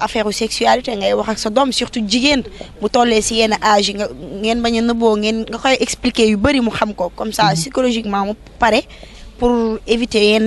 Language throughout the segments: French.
affaire sexualité ngay wax ak sa dom surtout jigéen bu tollee ci yenn âge yi nga ngeen bañ a nëbboo nga koy expliquer yu bari mu xam ko comme ça mhm. psychologiquement mu paré pour éviter yenn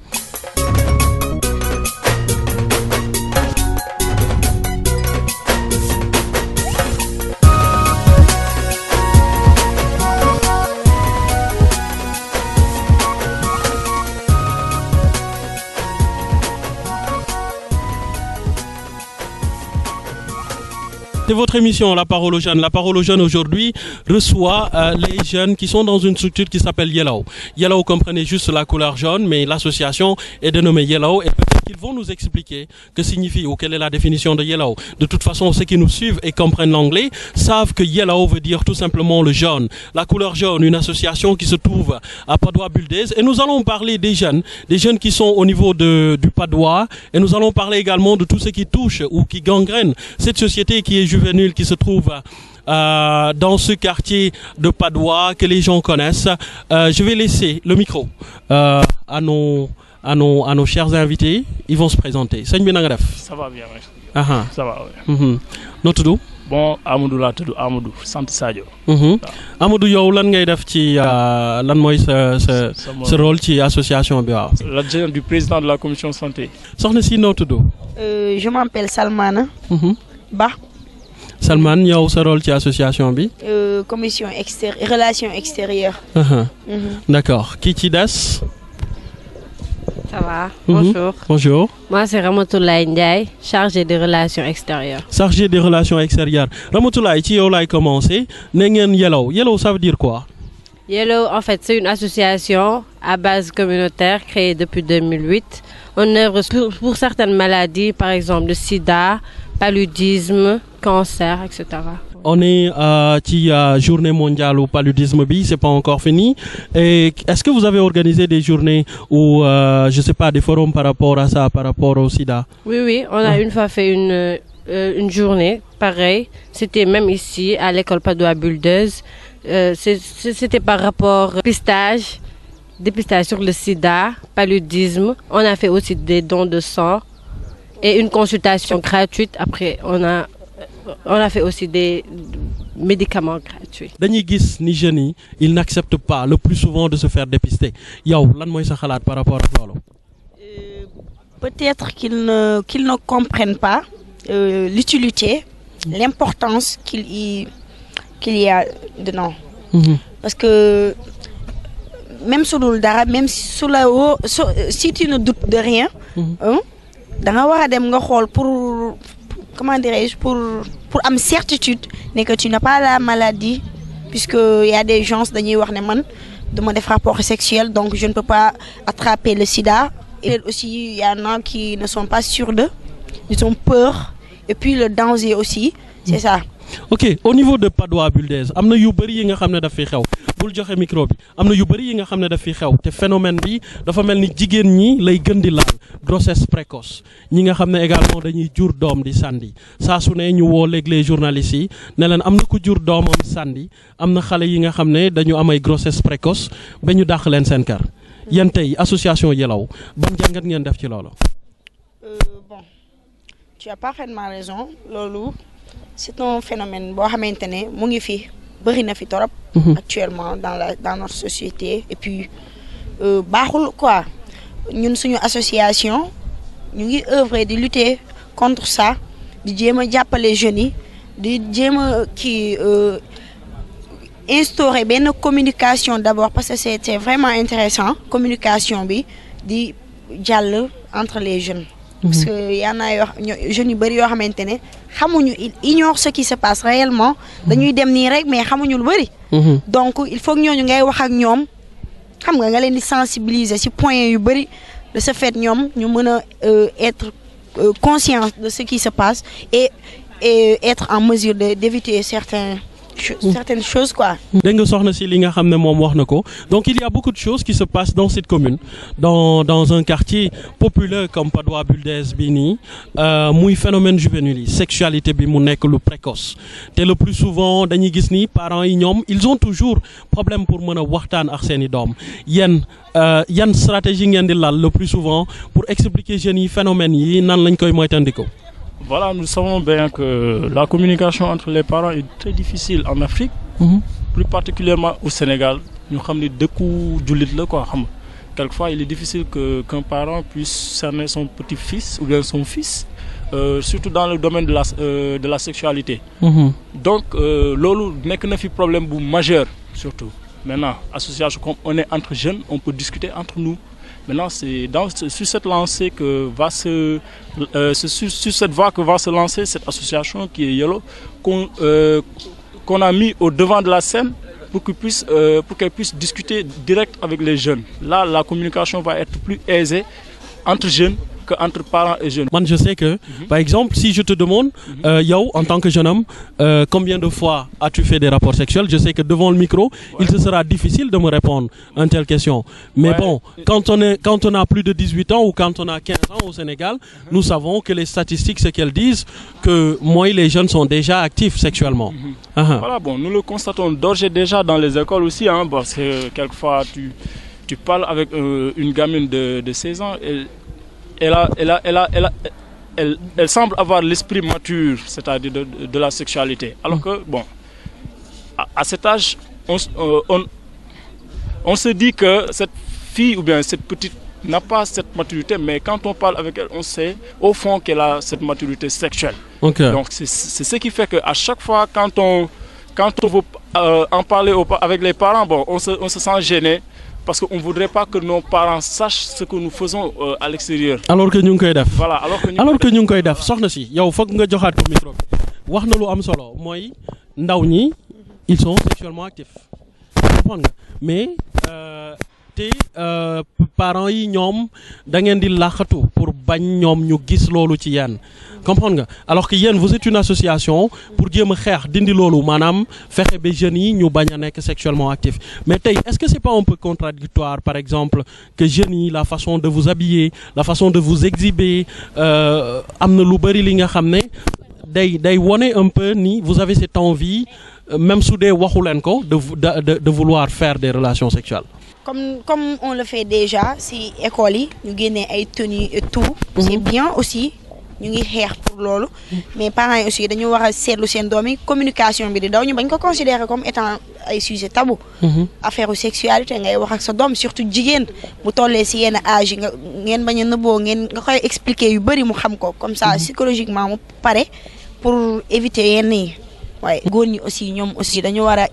C'est votre émission, La Parole aux Jeunes. La Parole aux Jeunes aujourd'hui reçoit euh, les jeunes qui sont dans une structure qui s'appelle Yellow. Yellow comprenez juste la couleur jaune, mais l'association est dénommée Yellow et ils vont nous expliquer que signifie ou quelle est la définition de yellow. De toute façon, ceux qui nous suivent et comprennent l'anglais savent que yellow veut dire tout simplement le jaune. La couleur jaune, une association qui se trouve à padois Buldez. Et nous allons parler des jeunes, des jeunes qui sont au niveau du Padois. Et nous allons parler également de tout ce qui touche ou qui gangrène cette société qui est juvénile, qui se trouve euh, dans ce quartier de Padoa que les gens connaissent. Euh, je vais laisser le micro euh, à nos à nos, à nos chers invités. Ils vont se présenter. Seigne Ça va bien, oui. Ah, ah. Ça va, oui. Mm -hmm. bon Amadou la tudd Amadou il Sadio. Mhm. Amadou yow lan ngay def ci euh, lan moy ce ce rôle ci association bi waaw. l'adjoint du président de la commission santé. sortez si notre euh, je m'appelle Salmana. Mhm. Bah. Salman yow sa rôle ci association bi. Euh, commission extérieure relation extérieure. Uh-huh. Mhm. d'accord qui ci des. Ça va, mhm. bonjour. Bonjour. Moi, c'est Ramatoulaye Ndiaye, chargé des relations extérieures. Chargé des relations extérieures. tu as commencé. Nengen Yellow. Yellow, ça veut dire quoi Yellow, en fait, c'est une association à base communautaire créée depuis 2008. On œuvre pour, pour certaines maladies, par exemple le sida, paludisme, cancer, etc on est à euh, euh, journée mondiale au paludisme bi c'est pas encore fini et est-ce que vous avez organisé des journées ou euh, je sais pas des forums par rapport à ça par rapport au sida Oui oui, on a ah. une fois fait une euh, une journée pareil, c'était même ici à l'école Padoa Buldeuse. c'était par rapport au pistage, dépistage sur le sida, paludisme. On a fait aussi des dons de sang et une consultation gratuite après on a on a fait aussi des médicaments gratuits. dañuy gis ni ils n'acceptent pas le plus souvent de se faire dépister yow lan moy sa xalaat par rapport à ça. Euh, peut-être qu'ils ne ne comprennent pas euh, l'utilité, mm-hmm. l'importance qu'il y qu'il y a dedans. Mm-hmm. Parce que même sur le dara, même sous la haut, si tu ne doutes de rien, mmh. hein, dans la pour comment dirais-je, pour, pour certitude n'est que tu n'as pas la maladie, puisqu'il y a des gens qui ont demandé des rapports sexuels, donc je ne peux pas attraper le sida. Et aussi, il y en a qui ne sont pas sûrs d'eux, ils ont peur, et puis le danger aussi, c'est ça. Ok, au niveau de Padoa buldez il y a bul joxe micro bi amna yu bari yi nga xamne da fi xew te phénomène bi dafa mel ni ñi lay gën di laal grossesse précoce ñi nga xamne également dañuy jur dom di sandi sa su ne ñu woo léeg les journalistes yi ne lan amna ku jur doomam sàndi am na xale yi nga xamne dañu am ay grossesse précoce ba ñu dakh len sen yeen tay association Yelaw ban jangat ngeen def ci lolo euh, bon tu as parfaitement raison loolu c'est un phénomène mu ngi Mhm. actuellement dans dans notre société et puis nous euh, quoi une association nous ngi œuvré lutter contre ça nous avons les les jeunes de di qui euh, instaurer une communication d'abord parce que c'était vraiment intéressant communication entre les jeunes parce mhm. que y en a, jeunes yu bëri yoo ne xamuñu ignore ce qui se passe réellement. dañuy mhm. dem ni rek mais xamuñu lu bëri. Mhm. donc il faut que ñooñu ngay wax ak ñom xam nga nga leen di sensibiliser ci point yu bari de ce fait ñom ñu mëna euh, être euh, conscient de ce qui se passe et et être en mesure d'éviter certains certaines choses quoi. dégg nga soxna si li nga xam ne ko donc il y a beaucoup de choses qui se passent dans cette commune dans dans un quartier populaire comme Padoa Buldes bini nii euh, muy phénomène juvénile sexualité bi mu nek lu précoce Té le plus souvent dañuy gis ni parents yi ñom ils ont toujours problème pour mën waxtaan ak seeni i doom yenn euh, yan stratégie ngeen di lal le plus souvent pour expliquer jeune yi phénomène yi nan lañ koy moytandikoo. Voilà, nous savons bien que la communication entre les parents est très difficile en Afrique, mhm. plus particulièrement au Sénégal. Nous avons deux coups du lit Quelquefois, il est difficile qu'un parent puisse cerner son petit-fils ou bien son fils, euh, surtout dans le domaine de la, euh, sexualité. Mhm. Donc, lolo n'est qu'un problème majeur, surtout. Maintenant, association, comme on est entre jeunes, on peut discuter entre nous. Maintenant, c'est sur cette lancée que va se, euh, sur, cette voie que va se lancer cette association qui est Yellow, qu'on euh, a mis au devant de la scène pour euh, qu'elle puisse, puisse discuter direct avec les jeunes. Là, la communication va être plus aisée entre jeunes entre parents et jeunes. je sais que, mhm. par exemple, si je te demande, mhm. euh, en tant que jeune homme, euh, combien de fois as-tu fait des rapports sexuels Je sais que devant le micro, il te sera difficile de me répondre à une telle question. Mais bon, quand on est, quand on a plus de 18 ans ou quand on a 15 ans au Sénégal, mhm. nous savons que les statistiques, ce qu'elles disent, que moi les jeunes sont déjà actifs sexuellement. Ah, ah. Voilà, bon, nous le constatons d'ores et déjà dans les écoles aussi, hein, parce que quelquefois tu parles avec euh, une gamine de, de 16 ans, et elle, elle, elle, elle, elle, semble avoir l'esprit mature, c'est-à-dire de, la sexualité. Alors que, bon, à, cet âge, on, euh, on, on, se dit que cette fille ou bien cette petite n'a pas cette maturité, mais quand on parle avec elle, on sait au fond qu'elle a cette maturité sexuelle. Donc c'est ce qui fait qu'à chaque fois, quand on, quand on veut euh, en parler avec les parents, bon, on, se, on se sent gêné parce qu'on ne voudrait pas que nos parents sachent ce que nous faisons euh, à l'extérieur. alors que ñu ngi koy voilà alors que ñu ngi koy def alors que ñu de koy def soxna si yow de nga joxaat ko micro bi wax am solo mooy ndaw ñi ils sont sexuellement actifs Mais. Euh, mais te euh, parents yi ñoom da ngeen di pour bañ ñoom ñu gis loolu ci comprendre nga alors que vous êtes une association pour dire mes frères dindi loolu manam faire des jeunes yi ñu sexuellement actifs mais tay est-ce que c'est pas un peu contradictoire par exemple que jeunes yi la façon de vous habiller la façon de vous exhiber euh, am na lu bari li nga day un peu ni vous avez cette envie euh, même sous des de vouloir faire des relations sexuelles. comme on le fait déjà si école yi ñu génnee ay et tout. Mhm. c'est bien aussi ñu ngi pour lolu mais parents aussi dañu wara sétlu communication bi di daw ñu bañ considérer comme étant ay sujet tabou. Mhm. affaire sexualité ngay wax ak sa surtout les bu tollé ci sont âge ngeen a nga expliquer yu bari mu xam ko comme ça mhm. psychologiquement mu pour éviter les Oui. aussi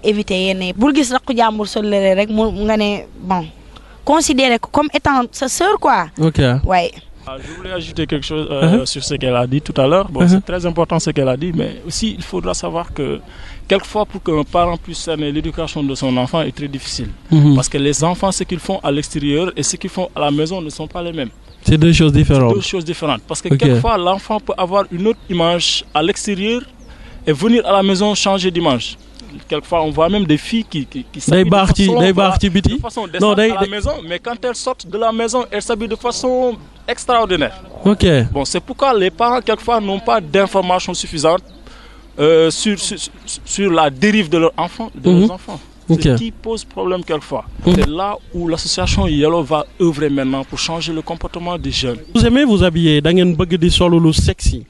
éviter comme étant sa sœur quoi ah, je voulais ajouter quelque chose euh, uh-huh. sur ce qu'elle a dit tout à l'heure. Bon, uh-huh. c'est très important ce qu'elle a dit, mais aussi il faudra savoir que quelquefois pour qu'un parent puisse s'aimer, l'éducation de son enfant est très difficile. Mm-hmm. Parce que les enfants, ce qu'ils font à l'extérieur et ce qu'ils font à la maison ne sont pas les mêmes. C'est deux choses différentes. Deux choses différentes. Parce que quelquefois, l'enfant peut avoir une autre image à l'extérieur et venir à la maison changer d'image. Quelquefois, on voit même des filles qui, qui, qui s'habillent de, façon la maison, mais quand elles sortent de la maison, elles s'habillent de façon extraordinaire. Ok. Bon, c'est pourquoi les parents, quelquefois, n'ont pas d'informations suffisantes euh, sur, sur, la dérive de, leur enfant, de leurs mhm. enfants okay. qui pose problème quelquefois. Mm. C'est là où l'association Yellow va œuvrer maintenant pour changer le comportement des jeunes. Vous aimez vous habiller, dans une bague de sol sexy,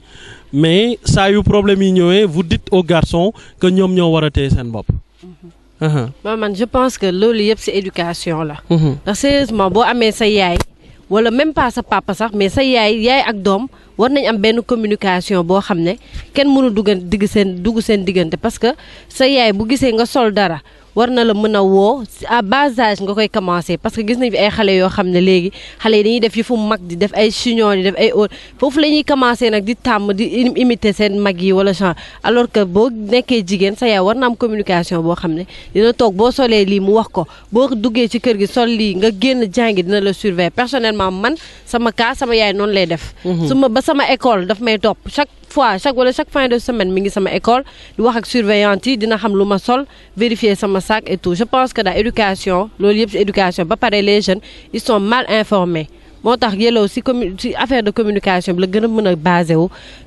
mais ça a eu problème vous dites aux garçons que nous avons arrêté bob. Maman, je pense que l'olive c'est éducation là. Mm-hmm. sérieusement, bon, mais ça wala même pas sa papa sax mais sa yaay yaay ak dom war nañ am benn communication boo xam ne kenn mënu dugg seen parce que sa yaay bu gisee nga sol dara war na la mën a woo à bas âge nga koy commencé parce que gis na fi ay xale yoo xam ne léegi xale yi dañuy def yu fu mag di def ay chignon di def ay óor foofu la ñuy commencé nag di tàmm di imiter seen mag yi wala genre alors que boo nekkee jigéen sa yaay war na am communication boo xam ne dina toog boo solee lii mu wax ko boo duggee ci kër gi sol lii nga génn jàngi dina la surveiller personnellement man sama cas sama yaay noonu lay def. Mhm. su ba sama école daf may topp chaque fois chaque wala chaque fin de semaine mingi suis sama école di wax ak je suis dina xam luma sol vérifier sama sac et tout je pense que dans éducation lolu yeb éducation ba les jeunes ils sont mal informés motax yelo a si affaire de communication le gëna mëna base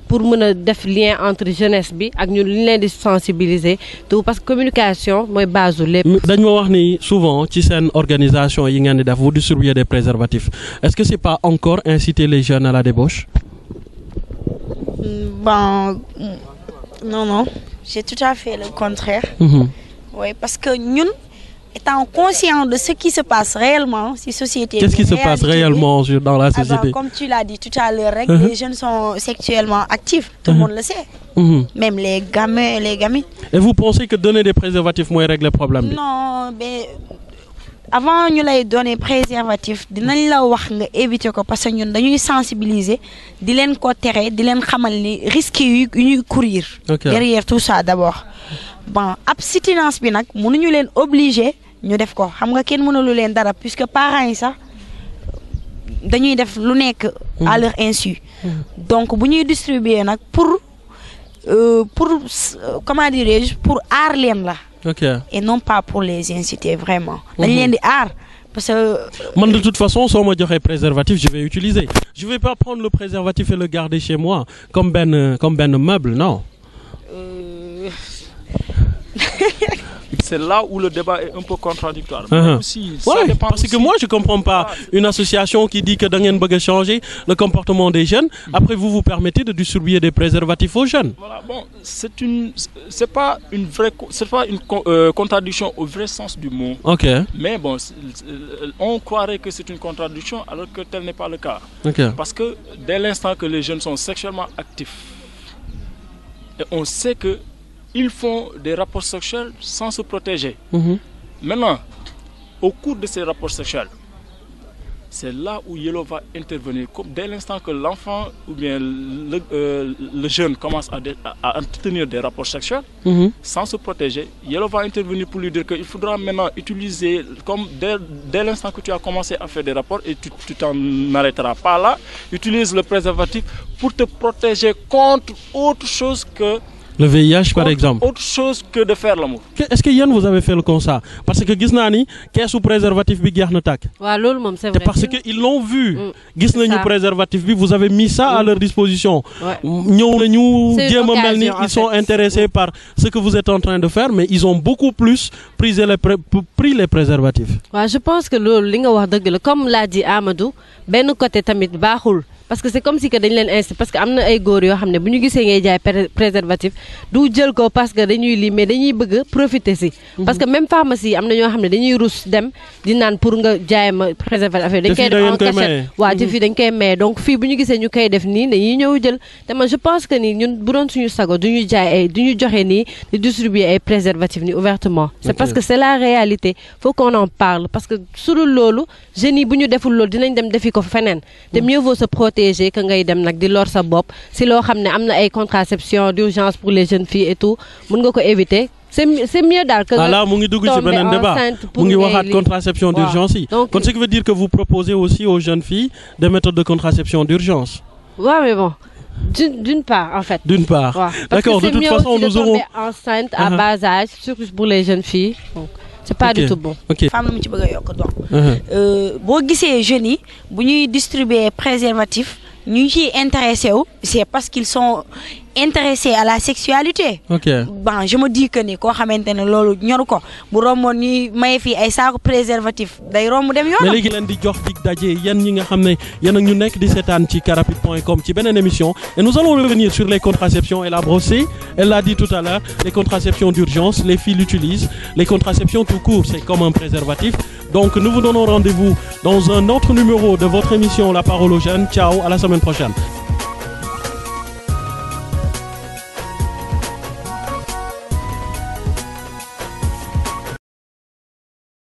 pour mëna des def lien entre jeunesse bi ak ñun liñ di sensibiliser tout parce que communication moy base u lépp. dañ wax ni souvent ci sen organisation yi ngeen di des préservatifs est-ce que c'est pas encore inciter les jeunes à la débauche. Mm, ben, mm, non, non. J'ai tout à fait le contraire. Mhm. Oui, parce que nous, étant conscients de ce qui se passe réellement, si société. Qu'est-ce qui se passe réellement dans la ah ben, société Comme tu l'as dit tout à l'heure, mhm. les jeunes sont sexuellement actifs, tout le mhm. monde le sait. Même les gamins et les gamines. Et vous pensez que donner des préservatifs, moi, règle le problème Non, mais ben, avant ñu lay donner préservatif dinañ la wax nga éviter ko parce que ñun dañuy sensibiliser di len ko téré di len xamal ni risques yu ñuy courir. derrière tout ça D'abord. bon abstinence bi nag mënuñu len obliger ñu def ko xam nga kenn mënalu len dara puisque parents yi sax dañuy def lu nekk. Mmh. à leur insu. Mmh. donc bu ñuy distribuer nak pour euh, pour euh, comment dirais-je pour aar leen la. Et non pas pour les inciter vraiment. Mm -hmm. arts Parce que... Euh, moi, de toute façon, si on me dirait préservatif, je vais utiliser. Je vais pas prendre le préservatif et le garder chez moi comme ben, comme ben meuble, non. Euh... c'est là où le débat est un peu contradictoire. Uh-huh. parce que moi, je ne comprends pas ah, une association qui dit que une a changer le comportement des jeunes. Hmm. Après, vous vous permettez de distribuer des préservatifs aux jeunes. Voilà, bon, c'est une, c'est pas une vraie, c'est pas une euh, contradiction au vrai sens du mot. Ok. Mais bon, on croirait que c'est une contradiction alors que tel n'est pas le cas. Parce que dès l'instant que les jeunes sont sexuellement actifs, et on sait que ils font des rapports sexuels sans se protéger. Mhm. Maintenant, au cours de ces rapports sexuels, c'est là où Yellow va intervenir. dès l'instant que l'enfant ou bien le, euh, jeune commence à, entretenir des rapports sexuels mhm. sans se protéger, Yellow va intervenir pour lui dire qu'il faudra maintenant utiliser, comme dès, l'instant que tu as commencé à faire des rapports et tu t'en arrêteras pas là, utilise le préservatif pour te protéger contre autre chose que le VIH par exemple autre chose que de faire l'amour est-ce que Yann vous avez fait le constat parce que qu'est-ce que le préservatif bi c'est vrai parce qu'ils l'ont vu mm. préservatif vous avez mis ça à mm. leur disposition ils sont intéressés par ce que vous êtes en train de faire mais ils ont beaucoup plus pris les les préservatifs je pense que le comme l'a dit Amadou ben côté tamit parce que c'est comme si que dañ leen parce que am na ay góor yoo xam ne bu ñu gisee ngay jaay préservatif du jël ko parce que dañuy li mais dañuy bëgg profiter si. Mhm. parce que même pharmacie yi am na ñoo xam ne dañuy rus dem di naan pour nga jaay ma préservatif dañ koy def en cachette waaw ci mhm. fii dañ koy maye donc fii bu ñu gisee ñu koy def nii dañuy ñëw jël te man je pense que ni ñun bu doon suñu sago duñu jaay ay duñu ñu joxe nii di distribuer ay préservatif nii ouvertement. c' est parce que c' est la réalité faut qu'on en parle parce que su dul loolu jeunes yi bu ñu deful loolu dinañ dem defi ko feneen te mhm. mieux vaut se protéger protéger que ngay dem nak di lor sa bop si lo xamné amna ay contraception d'urgence pour les jeunes filles et tout mën nga ko éviter c'est mieux daal que voilà ah mu ngi dugg ci benen débat mu ngi contraception d'urgence donc ce qui veut dire que vous proposez aussi aux jeunes filles des méthodes de contraception d'urgence Ouais mais bon d'une part en fait d'une part d'accord de toute façon nous aurons enceinte à uh-huh. bas âge surtout pour les jeunes filles c'est pas du tout bon. femme mu ci bëgg a yokk donc. Uh-huh. Euh, boo gisee jeunes yi bu ñuy distribuer préservatif ñu ngi ciy intéressé wu. c'est parce qu'ils sont intéressés à la sexualité. ok bon je me dis que ni koo xamante ne loolu ñoru ko bu romboon ñuy maye fii ay saako préservatif day romb dem yoonam. mais léegi leen di jox dig daje yéen ñi nga xam ne yéen ak ñu nekk di seetaan ci carapide.com ci émission et nous allons revenir sur les contraceptions elle a brossé elle l'a dit tout à l'heure les contraceptions d'urgence les filles l'utilisent les contraceptions tout court c'est comme un préservatif donc nous vous donnons rendez-vous dans un autre numéro de votre émission La Parole aux jeunes ciao à la semaine prochaine.